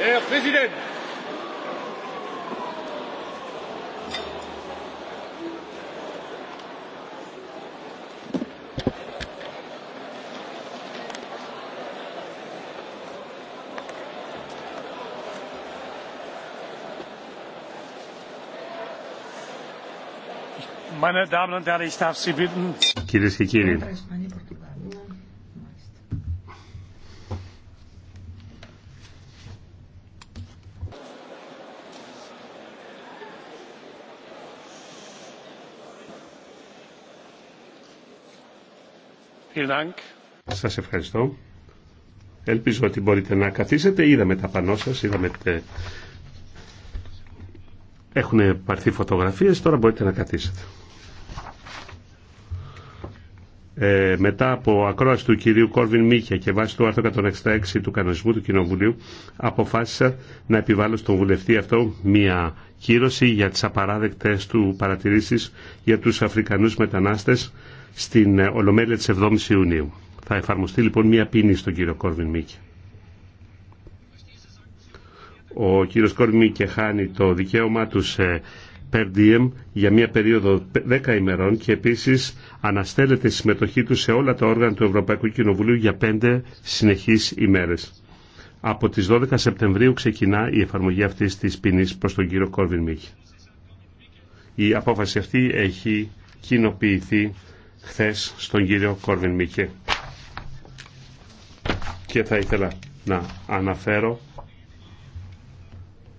Herr Präsident! Meine Damen und Herren, ich darf Sie bitten. Κυρίε και κύριοι, Σας ευχαριστώ. Ελπίζω ότι μπορείτε να καθίσετε. Είδαμε τα πανό σας, είδαμε Έχουν πάρθει φωτογραφίες, τώρα μπορείτε να καθίσετε. Ε, μετά από ακρόαση του κυρίου Κόρβιν Μίχια και βάσει του άρθρου 166 του κανονισμού του Κοινοβουλίου, αποφάσισα να επιβάλλω στον βουλευτή αυτό μία κύρωση για τις απαράδεκτες του παρατηρήσεις για τους Αφρικανούς μετανάστες στην ε, Ολομέλεια της 7ης Ιουνίου. Θα εφαρμοστεί λοιπόν μια ποινή στον κύριο Κόρβιν Μίκη. Ο κύριος Κόρβιν Μίκη χάνει το δικαίωμά του σε per για μια περίοδο 10 ημερών και επίσης αναστέλλεται η συμμετοχή του σε όλα τα όργανα του Ευρωπαϊκού Κοινοβουλίου για 5 συνεχείς ημέρες. Από τις 12 Σεπτεμβρίου ξεκινά η εφαρμογή αυτής της ποινή προς τον κύριο Κόρβιν Μίχη. Η απόφαση αυτή έχει κοινοποιηθεί χθες στον κύριο Κόρβιν Μίκε. Και θα ήθελα να αναφέρω,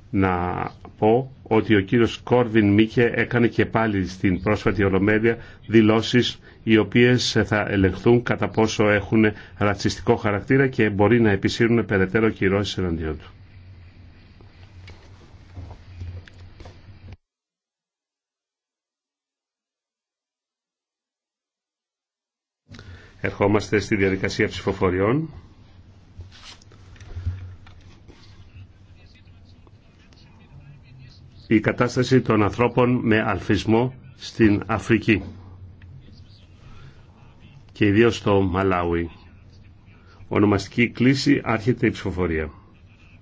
να πω ότι ο κύριος Κόρβιν Μίκε έκανε και πάλι στην πρόσφατη Ολομέλεια δηλώσεις οι οποίες θα ελεγχθούν κατά πόσο έχουν ρατσιστικό χαρακτήρα και μπορεί να επισύρουν περαιτέρω κυρώσεις εναντίον του. Ερχόμαστε στη διαδικασία ψηφοφοριών. Η κατάσταση των ανθρώπων με αλφισμό στην Αφρική και ιδίως στο Μαλάουι. Ονομαστική κλίση άρχεται η ψηφοφορία.